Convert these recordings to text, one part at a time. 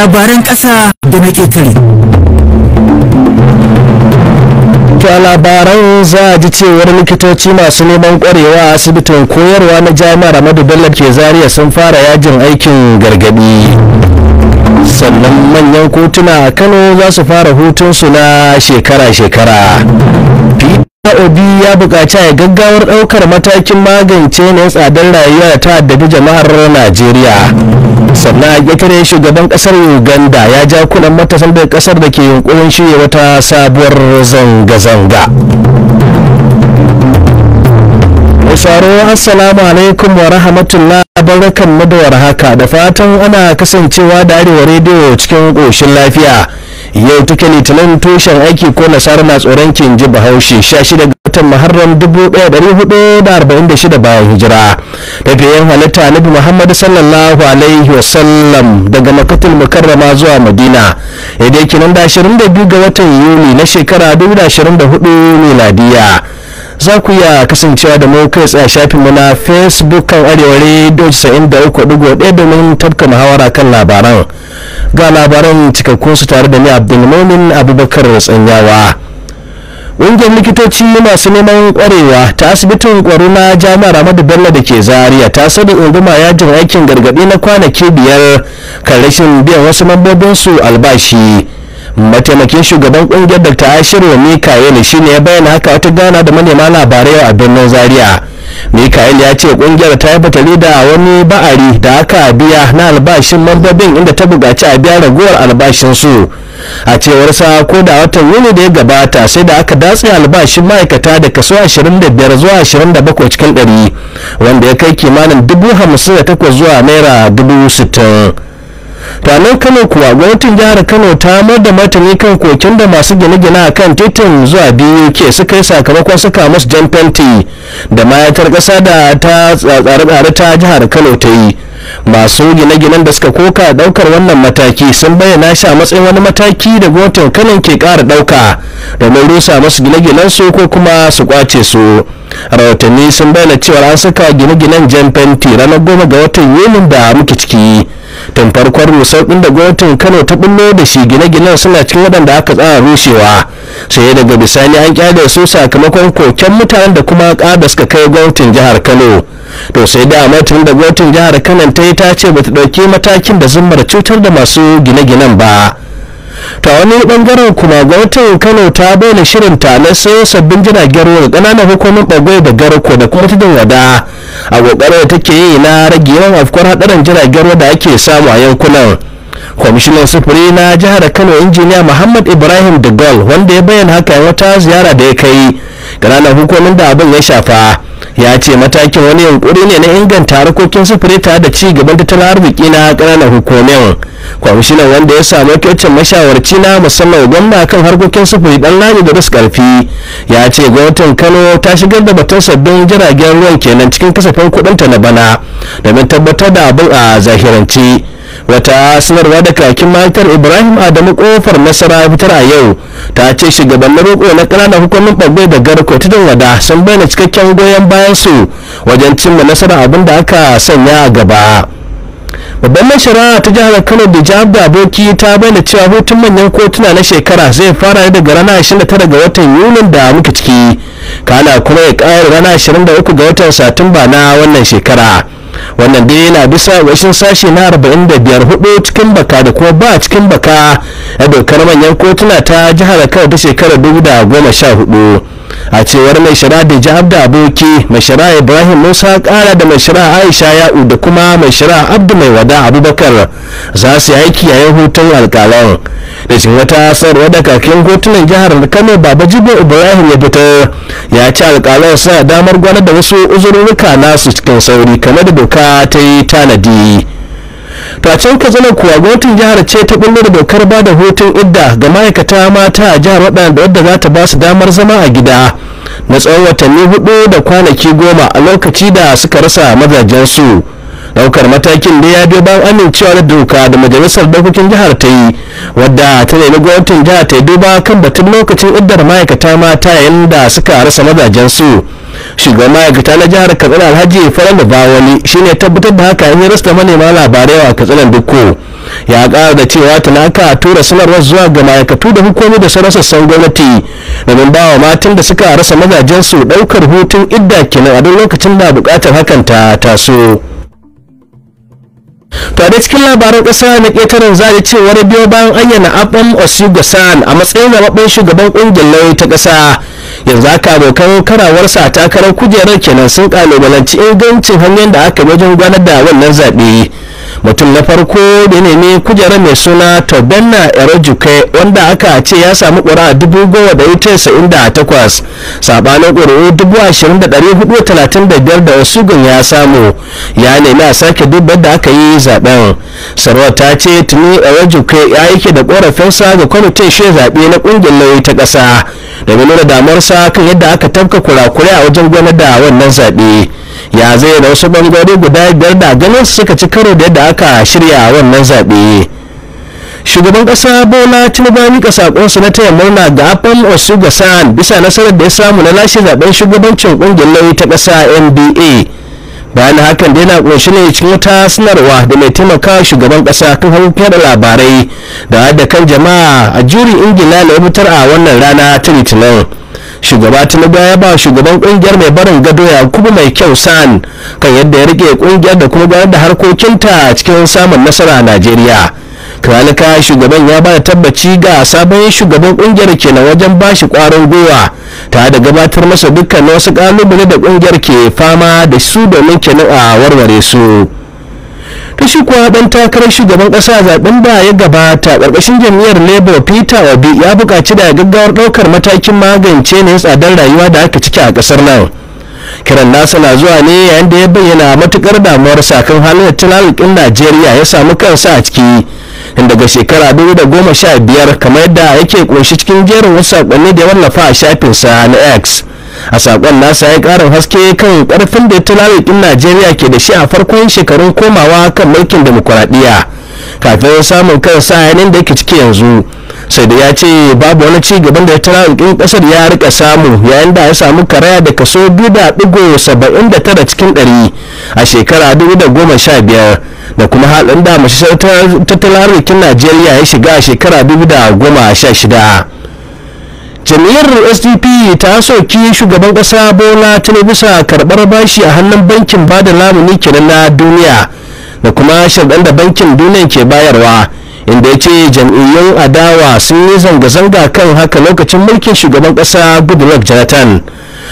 labaran ƙasa da na ƙetare. To a labaran za a ji cewar likitoci masu neman ƙwarewa a asibitin koyarwa na jami'ar Ahmadu Bello ke Zaria sun fara yajin aikin gargaɗi. sannan manyan kotuna a kano za su fara hutunsu na shekara-shekara obi ya buƙaci yi gaggawar ɗaukar matakin magance ne tsadar rayuwa ta addabi jama'ar najeriya sannan a ƙetare shugaban ƙasar uganda ya ja kunan matasan daga ƙasar da ke yunkurin shirya wata sabuwar zanga-zanga sauraro assalamu alaikum wa rahmatullah barakan mu da warhaka da fatan ana kasancewa da arewa rediyo cikin ƙoshin lafiya yau take litinin tushen aiki ko nasara na tsoron ji bahaushe 16 ga watan muharram 1446 bayan hijira tafiyan halitta nabi muhammad sallallahu alaihi wasallam daga makatul mukarrama zuwa madina idan kinan da 22 ga watan yuni na shekara 2024 miladiya za ku iya kasancewa da mu kai tsaye shafin mu na facebook kan arewa radio 93.1 domin tabka muhawara kan labaran ga labaran cikakkun su tare da ni abdulmumin abubakar tsanyawa ƙungiyar likitoci masu neman ƙwarewa ta asibitin ƙwaro na jami'ar ahmadu bello da ke zaria ta sani unguma yajin aikin gargaɗi na kwanaki biyar kan rashin biyan wasu mambobinsu albashi mataimakin shugaban kungiyar dr ashiru mikael shine ya bayyana haka wata gana da manema labarai a birnin zaria mikael ya ce kungiyar ta yi fatali da wani ba'ari da aka biya na albashin mambobin inda ta buƙaci a biya ragowar albashin su a cewar sa ko da watan yuni da ya gabata sai da aka datse albashin ma'aikata da kaso 25 zuwa 27 cikin 100 wanda ya kai kimanin 58 zuwa naira 60 to kano kuwa gwamnatin jihar kano ta mayar da martani kan kokin da masu gine-gine a kan titin zuwa biyu ke suka yi sakamakon suka musu jan fenti da mayatar ƙasa da ta tsare-tsare ta jihar kano ta yi masu gine-ginen da suka koka daukar wannan mataki sun bayyana shi a matsayin wani mataki da gwamnatin kano ke ƙara ɗauka domin rusa masu gine-ginen su ko kuma su kwace su rahotanni sun bayyana cewa an saka gine-ginen jan fenti ranar goma ga watan yulin da muke ciki tun farkon rusar da gwamnatin kano ta bullo da shi gine-ginen suna cikin waɗanda aka tsara rushewa sai daga bisani an kyale su sakamakon koken mutanen da kuma ƙada suka kai gwamnatin jihar kano to sai da martin da gwamnatin jihar kano ta yi ta ce bata ɗauki matakin da zumar cutar da masu gine-ginen ba ta wani bangaren kuma gwamnatin kano ta bayyana shirin ta na sayo sabbin jiragen ruwa da kananan hukumar bagwai da garko da kuma tudun wada a kokarin da take yi na rage yawan afkuwar hadarin jiragen ruwa da ake samu a yankunan kwamishinan sufuri na jihar kano injiniya muhammad ibrahim dagol wanda ya bayyana haka wata ziyara da ya kai ƙananan hukumomin da abin ya shafa ya ce matakin wani yunkuri ne na inganta harkokin sufuri tare da ci gaban tattalin arziki na kananan hukumomin kwamishinan wanda ya samu kyautar mashawarci na musamman gwamna kan harkokin sufuri dan lami da rasu karfi ya ce gwamnatin kano ta shigar da batun sabbin jiragen ruwan kenan cikin kasafin kudinta na bana domin tabbatar da abin a zahirance wata sanarwa da kakin mahaifiyar ibrahim adamu kofar nasara fitar a yau ta ce shugabannin roƙo na ƙananan hukumin ɓagbe da garko dan wada sun bayyana cikakken goyon bayan su wajen cimma nasara abin da aka sanya a gaba babban mai shari'a ta jihar kano da jihar da aboki ta bayyana cewa hutun manyan kotuna na shekara zai fara ne daga ranar 29 ga watan yulin da muka ciki kana kuma ya ƙara ranar 23 ga watan satumba na wannan shekara wannan dai yana bisa rashin sashe na 45 hudu cikin baka da kuma ba cikin baka a dokar manyan kotuna ta jihar kano ta shekarar 2014 a cewar mai shara da jihar da aboki mai shara ibrahim musa kara da mai shara aisha ya'u da kuma mai shara abdu mai wada abubakar za su yi aiki yayin hutun alkalan da cin wata sarwa da kakin kotunan jihar kano baba jibo ibrahim ya fitar ya ci alkalan sa damar gwanar da wasu uzurruka nasu cikin sauri kamar da doka ta yi tanadi to a can katsina kuwa gwamnatin jihar ce ta bullo da dokar ba da hutun idda ga ma'aikata mata a jihar waɗanda wadda za ta ba su damar zama a gida na tsawon watanni hudu da kwanaki goma a lokaci da suka rasa mazajensu daukar matakin da ya biyo bayan amincewa da doka da majalisar dokokin jihar ta yi wadda ta nemi gwamnatin jihar ta yi duba kan batun lokacin iddar ma'aikata mata yayin da suka rasa mazajensu shugaban ma'aikata na jihar katsina alhaji faran da wani shine tabbatar da haka ya rasta manema labarai a katsinan dukko ya kara da cewa talaka tura sanarwar zuwa ga ma'aikatu da hukumi da sauran sassan gwamnati domin bawa matan da suka rasa su daukar hutun idda kenan a duk lokacin da bukatar hakan ta taso to da cikin labaran kasa na ƙetaren zaje cewa biyo bayan ayyana abam osigbasan a matsayin zababben shugaban ƙungiyar lauyi ta kasa. yanzu haka abokan karawarsa takarar kujerar kenan sun kalubalanci ingancin hanyar da aka wajen gwanar da wannan zaɓe mutum na farko da nemi kujerar mai suna tobenna erojuke wanda aka ce ya samu ƙura dubu goma da ita sa'in da takwas sabanin ƙuri'u dubu ashirin da ɗari hudu talatin da biyar da wasu gun ya samu ya nemi a sake dubar da aka yi zaben sarwa ta ce tuni erojuke ya yake da ƙorafinsa ga kwamitin shi zaɓe na ƙungiyar lauyi ta ƙasa domin nuna sa kan yadda aka tafka kurakurai a wajen gwanar da wannan zaɓe ya zai da wasu bangare guda biyar da ganin su suka ci karo da yadda aka shirya a wannan zaɓe shugaban ƙasa bola tinubu ya miƙa saƙonsu na taya murna ga afam osuga bisa nasarar da ya samu na lashe zaben shugabancin ƙungiyar nauyi ta ƙasa nba bayan hakan da yana kunshi ne cikin wata sanarwa da mai taimaka shugaban kasa kan hankokin labarai da hada kan jama'a a juri ingila na fitar a wannan rana ta litinin shugaba tinubu ya ba shugaban kungiyar mai barin gado ya kuma mai kyau san kan yadda ya rike kungiyar da kuma gudanar da harkokinta cikin samun nasara a najeriya kazalika shugaban ya bada tabbaci ga sabon shugaban kungiyar kenan wajen bashi kwarin gwiwa ta da gabatar masa dukkan wasu kalubale da kungiyar ke fama da su domin kenan a warware su ta shi kuwa dan takarar shugaban kasa zaben da ya gabata karkashin jami'ar labour peter obi ya buƙaci da gaggawar ɗaukar matakin magance ne tsadar rayuwa da aka ciki a ƙasar nan kiran nasa na zuwa ne yayin da ya bayyana matukar damuwar sakan halin tattalin najeriya ya samu kansa a ciki inda daga shekara dubu da goma sha biyar kamar yadda yake kunshi cikin jerin wasu saƙonni da ya wallafa a shafin shafinsa na x a saƙon nasa ya ƙarin haske kan ƙarfin da ta tulawikin najeriya ke da shi a farkon shekarun komawa kan mulkin demokuraɗiyya kafin samun kansa yanin da yake ciki yanzu sai da ya ce babu wani ci gaban da tara arzikin kasar ya rika samu yayin da ya samu karaya da kaso biyu da tara cikin ɗari a shekara dubu da goma sha biyar kuma halin da mashashar tattalin arzikin najeriya ya shiga a shekara dubu da jami'ar sdp ta soki shugaban ƙasa bola tinubu sa karbar bashi a hannun bankin bada lamuni kenan na duniya da kuma sharɗan da bankin duniya ke bayarwa inda ya ce jam'iyyun adawa sun yi zanga-zanga kan haka lokacin mulkin shugaban kasa goodluck jonathan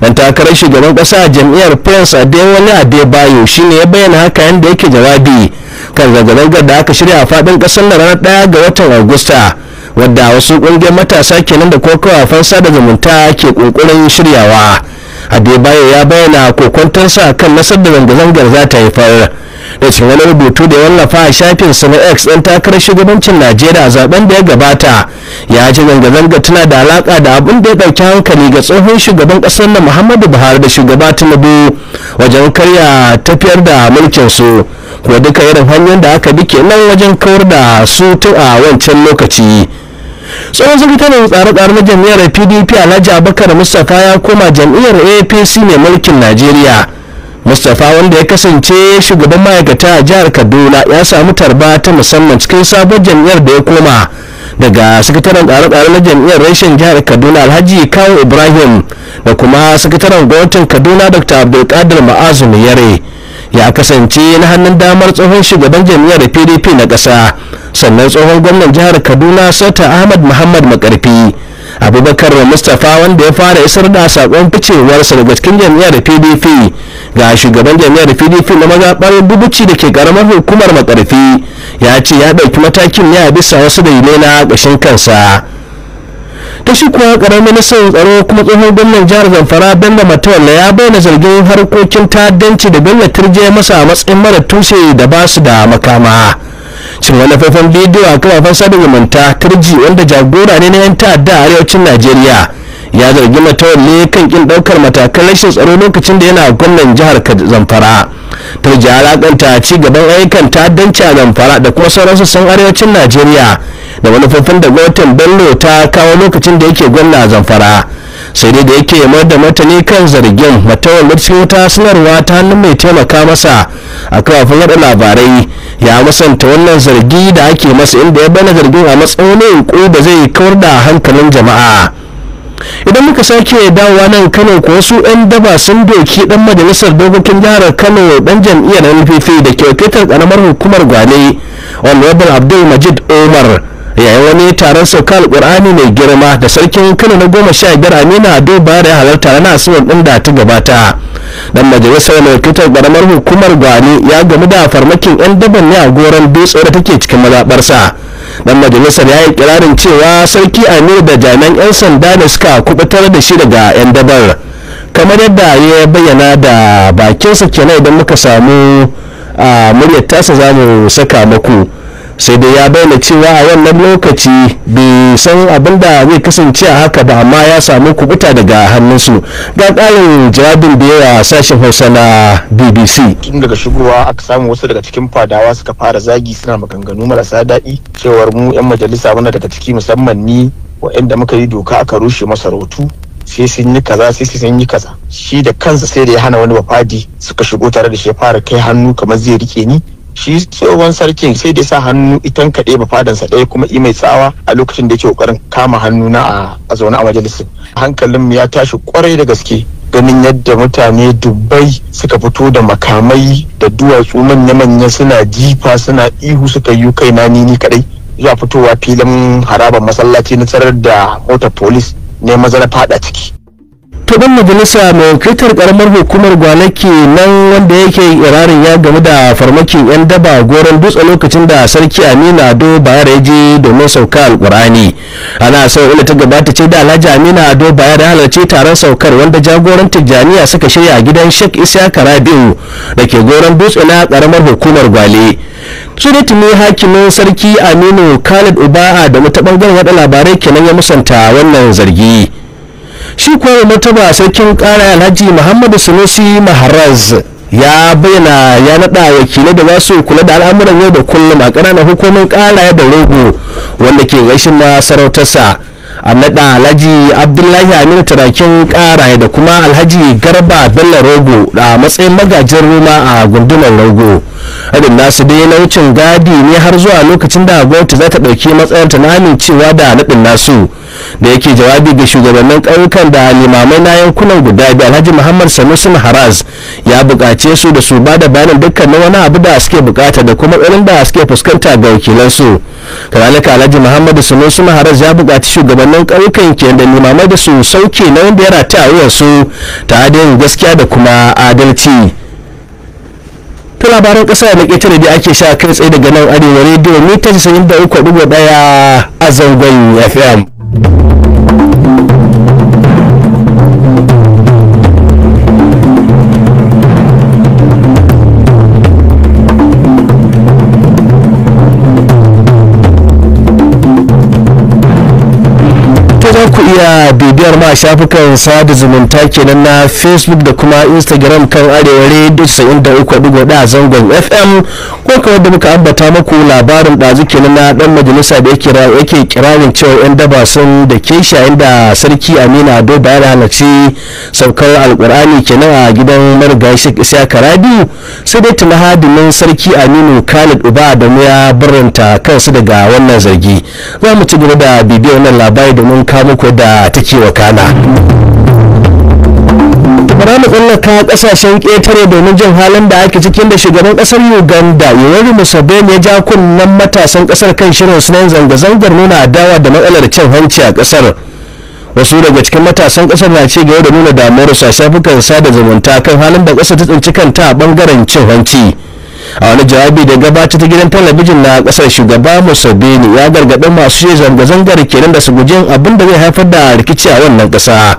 dan takarar shugaban ƙasa jam'iyyar prince adewale adebayo shine ya bayyana haka yadda yake jawabi kan zanga-zangar da aka shirya a faɗin ƙasar na ranar ɗaya ga watan agusta wadda wasu ƙungiyar matasa kenan da kokawa fansa da zumunta ke ƙunƙurin shiryawa adebayo ya bayyana kokwantarsa kan nasar da zanga-zangar za ta haifar da cikin wani rubutu da wallafa a shafin sa na x ɗan takarar shugabancin najeriya a zaben da ya gabata ya ji zanga-zanga tana da alaka da abin da ya ɗauki hankali ga tsohon shugaban ƙasar na muhammadu buhari da shugaba tinubu wajen karya tafiyar da mulkin su ko duka irin hanyar da aka bi kenan wajen kawar da su tun a wancan lokaci tsohon sakataren tsare-tsare na jam'iyyar pdp alhaji abubakar mustapha ya koma jam'iyyar apc mai mulkin najeriya mustapha wanda ya kasance shugaban ma'aikata a jihar kaduna ya samu tarba ta musamman cikin sabon jam'iyyar da ya koma daga sakataren tsare-tsare na jam'iyyar reshen jihar kaduna alhaji kawo ibrahim da kuma sakataren gwamnatin kaduna dr abdulkadir ma'azu yare ya kasance na hannun damar tsohon shugaban jam'iyyar pdp na ƙasa sannan tsohon gwamnan jihar kaduna sata ahmad muhammad makarfi abubakar mustapha wanda ya fara isar da sakon ficewarsa daga cikin jami'ar pdp ga shugaban jami'ar pdp na mazaɓar bubuci da ke karamar hukumar makarfi ya ce ya ɗauki matakin ne a bisa wasu yi na ƙashin kansa ta shi kuwa ƙaramin ministan tsaro kuma tsohon gwamnan jihar zamfara bello matawalla ya bayyana zargin harkokin ta'addanci da bello turje masa matsayin mara tushe da ba su da makama cin wani faifan bidiyo a kafafen sada zumunta turji wanda jagora ne na 'yan ta'adda a arewacin najeriya ya zargi ne kan kin daukar matakan rashin tsaro lokacin da yana gwamnan jihar zamfara turji ya alakanta ci gaban ayyukan ta'addanci a zamfara da kuma sauran sassan arewacin najeriya da manufofin da gwamnatin bello ta kawo lokacin da yake gwamna zamfara sai dai da yake mayar da matani kan zargin matawar cikin wata sanarwa ta hannun mai taimaka masa a kafin yada labarai ya musanta wannan zargi da ake masa inda ya bana zargin a matsayin ko da zai kawar da hankalin jama'a idan muka sake dawowa nan kano ko su 'yan daba sun doki dan majalisar dokokin jihar kano dan jam'iyyar npp da ke wakiltar karamar hukumar gwale honorable abdul majid omar yayin wani taron sauka alkur'ani mai girma da sarkin kano na goma sha biyar amina ado bayar ya halarta na asuwar din da ta gabata dan majalisar mai kitar ƙaramar hukumar gwani ya gamu da farmakin yan daban ne a goron dutse da take cikin mazaɓarsa dan majalisar ya yi kirarin cewa sarki amir da jami'an 'yan sanda da suka kubutar da shi daga 'yan dabar kamar yadda ya bayyana da bakinsa kenan idan muka samu a muryar tasa za mu saka muku sai dai ya bayyana cewa a wannan lokaci bai san abin da zai kasance a haka ba amma ya samu kubuta daga hannunsu ga ƙarin jawabin da yawa sashen hausa na bbc tun daga shigowa aka samu wasu daga cikin fadawa suka fara zagi suna maganganu marasa daɗi cewar mu 'yan majalisa muna daga ciki musamman ni waɗanda muka yi doka aka rushe masarautu sai sun yi kaza sai sun yi kaza shi da kansa sai da ya hana wani bafadi suka shigo tare da shi ya fara kai hannu kamar zai rike ni shi tsohon sarkin sai da sa hannu itan kaɗe ba fadansa ɗaya kuma i mai tsawa a lokacin da yake ƙoƙarin kama hannu na a zaune a majalisar hankalin ya tashi ƙwarai da gaske ganin yadda mutane dubbai suka fito da makamai da duwatsu manya-manya suna jifa suna ihu suka yi kai na nini kaɗai zuwa fitowa filin harabar masallaci na tsarar da motar polis ne maza na fada ciki to majalisa mai kaitar karamar hukumar gwanaki nan wanda yake irarin ya game da farmakin yan daba goron dutse lokacin da sarki amina ado bayar ya je domin sauka alkurani ana sau ila ta gabata ce da alhaji amina ado bayar ya halarci taron saukar wanda jagoran tijjaniya suka shirya a gidan sheikh isa rabi'u da ke goron dutse na karamar hukumar gwale su tuni hakimin sarki aminu khalid uba'a da mata wada labarai kenan ya musanta wannan zargi shi kuwa martaba sarkin kara alhaji muhammadu sanusi maharaz ya bayyana ya nada wakilai da za su kula da al'amuran yau da kullum a ƙananan hukumin ƙara da rogo wanda ke gaishin na sarautarsa a nada alhaji abdullahi aminu tarakin ƙara da kuma alhaji garba bello rogo da matsayin magajin roma a gundumar rogo abin nasu dai na wucin gadi ne har zuwa lokacin da gwamnati za ta ɗauki matsayarta na amincewa da naɗin nasu da yake jawabi ga shugabannin ƙauyukan da limamai na yankunan guda biyu alhaji muhammad sanusi haraz ya buƙace su da su ba da bayanin dukkan wani abu da suke bukata da kuma irin da suke fuskanta ga su kazalika alhaji muhammad sanusi haraz ya buƙaci shugabannin ƙauyukan ke da limamai da su sauke na wanda ya rataya su ta adin gaskiya da kuma adalci ta labaran kasa da tare da ake sha kai tsaye daga nan arewa rediyo mita 93.1 a zangon fm iya bibiyar ma shafukan sada zumunta kenan na facebook da kuma instagram kan arewa radio 93.4 zangon fm ko kamar da muka ambata muku labarin ɗazu kenan na dan majalisa da yake kirarin cewa yan daba sun da ke shayin da sarki amina ado bayan halarci saukar alkur'ani kenan a gidan marga shek isa karabi sai dai tuna hadimin sarki aminu khalid uba da ya barranta kansu daga wannan zargi za mu ci gaba da bibiyar nan labari domin kawo muku da take wakana bara mu tsallaka kasashen ƙetare domin jin halin da ake cikin da shugaban ƙasar uganda yoweri museveni ya ja kunnen matasan ƙasar kan shirin sunan zanga-zangar nuna adawa da matsalar cin hanci a ƙasar wasu daga cikin matasan ƙasar na ci gaba da nuna damuwarsu a shafukan sada zumunta kan halin da ƙasar ta tsinci kanta a ɓangaren cin hanci a wani jawabi da gabata ta gidan talabijin na kasar shugaba musabini ya gargaɗi masu zanga-zangar kenan da su guji abin da zai haifar da rikici a wannan ƙasa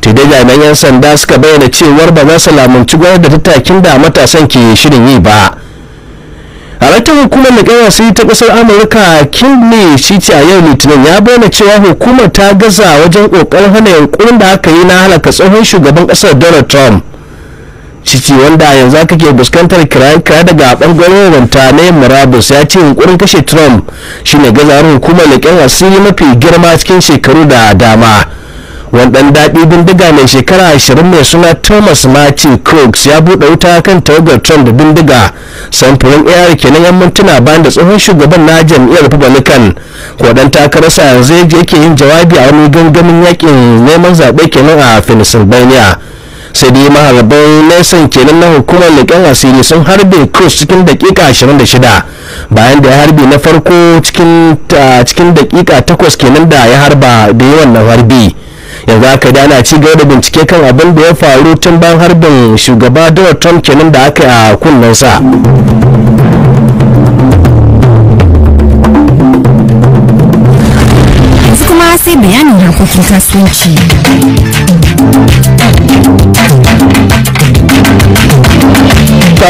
tidai jami'an 'yan sanda suka bayyana cewar ba za su lamunci gwamnati da tattakin da matasan ke shirin yi ba halartar hukumar su yi ta ƙasar amurka kinley shi ce a yau litinin ya bayyana cewa hukumar ta gaza wajen ƙoƙarin hana yankunan da aka yi na halaka tsohon shugaban ƙasar donald trump ciki wanda yanzu aka ke fuskantar kira daga bangaren ranta na murabus ya ce yunkurin kashe trump shine gazarin hukumar leƙen asiri mafi girma cikin shekaru da dama wadanda daɗi bindiga mai shekara 20 mai suna thomas martin crooks ya buɗe wuta kan tawagar trump da bindiga samfurin ar kenan yan mintuna bayan da tsohon shugaban na jam'iyyar republican kodan sa yanzu yake yin jawabi a wani gangamin yakin neman zaɓe kenan a pennsylvania sai dai maharban nesan kenan na hukumar leƙen asiri sun harbe cross cikin dakika 26 bayan da ya harbe na farko cikin dakika 8 kenan da ya harba da yawan na harbi yanzu aka da ana ci gaba da bincike kan abin da ya faru tun bayan harbin shugaba donald trump kenan da aka yi a kunnensa sai bayanin harkokin kasuwanci Thank you.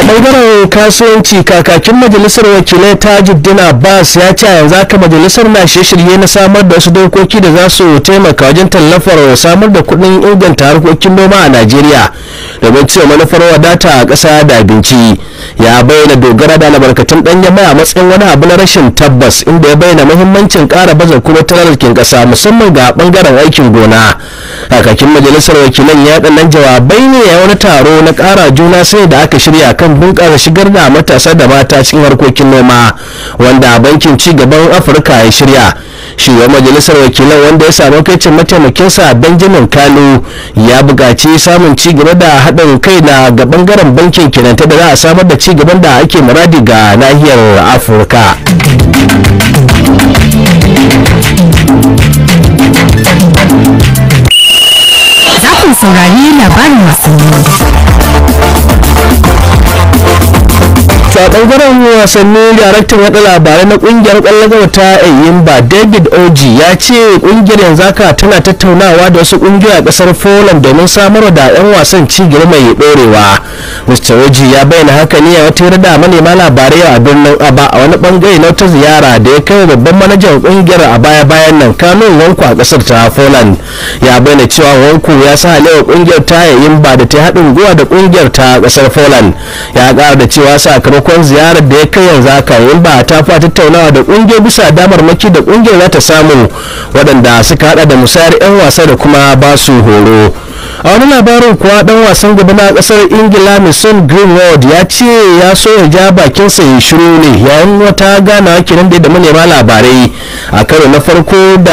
a bangaren kasuwanci kakakin majalisar wakilai ta jiddina Bas ya ce yanzu haka majalisar na shirye na samar da wasu dokoki da za su taimaka wajen tallafar samar da kuɗin inganta harkokin noma a najeriya domin cewa manufar wadata a ƙasa da abinci ya bayyana dogara da albarkatun ɗan mai a matsayin wani abu na rashin tabbas inda ya bayyana muhimmancin ƙara baza kuma talarkin ƙasa musamman ga ɓangaren aikin gona kakakin majalisar wakilan ya ɗannan jawabai ne ya wani taro na ƙara juna sai da aka shirya kan bunƙasa shigar da matasa da mata cikin harkokin noma wanda bankin ci gaban afirka ya shirya shugaban majalisar wakilan wanda ya samu kaicin mataimakinsa benjamin kalu ya buƙaci samun ci gaba da haɗin kai na ga bangaren bankin kinanta da za a samar da ci gaban da ake muradi ga nahiyar afirka saurari labarin a bangaren wasannin daraktan yada labarai na kungiyar kwallon gaba ta ba david oji ya ce ƙungiyar yanzu haka tana tattaunawa da wasu kungiyoyi a kasar poland domin samarwa da 'yan wasan ci girma mai ɗorewa. mr oji ya bayyana haka ne a wata da manema labarai a birnin aba a wani bangare na wata ziyara da ya kai babban manajan kungiyar a baya bayan nan kanun wanku a kasar ta poland ya bayyana cewa wanku ya sa halewa kungiyar ta yayin ba da ta haɗin gwiwa da kungiyar ta kasar poland ya ƙara da cewa sakamakon ziyarar da ya kai yanzu haka yayin ba ta fa tattaunawa da kungiyar bisa damar maki da kungiyar za ta samu waɗanda suka haɗa da musayar 'yan wasa da kuma basu horo a wani labarin kuwa dan wasan gaba na kasar ingila mason greenwood ya ce ya so ya ja bakinsa ya shiru ne yayin wata ganawa kenan da manema labarai a karo na farko da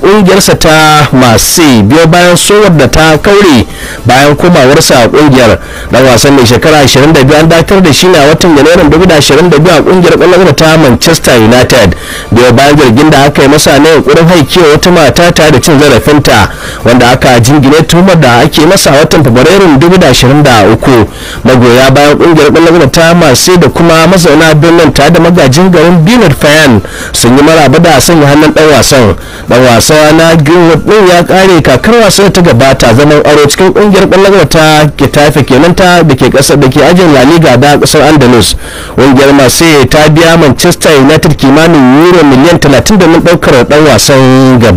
kungiyarsa ta masu biyo bayan sowar da ta kaure bayan komawarsa a kungiyar dan wasan mai shekara 25 an dakatar da shi ne a watan janairun 2022 a kungiyar kwallon ta manchester united biyo bayan jirgin da aka yi masa na yankurin haikewa wata mata tare da cin zarafinta wanda aka jingine tumar da ake masa a watan fabrairun 2023 magoya bayan kungiyar kwallon ta da kuma mazauna birnin tare da magajin garin bernard fayan sun yi maraba da sanya hannun dan wasan dan wasa na greenwood din ya kare kakar wasan ta gabata zaman aro cikin kungiyar kwallon ta tafi kenan ta da ke kasar da ke ajin la liga da kasar andalus kungiyar marse ta biya manchester united kimanin euro miliyan 30 domin daukar dan wasan gaba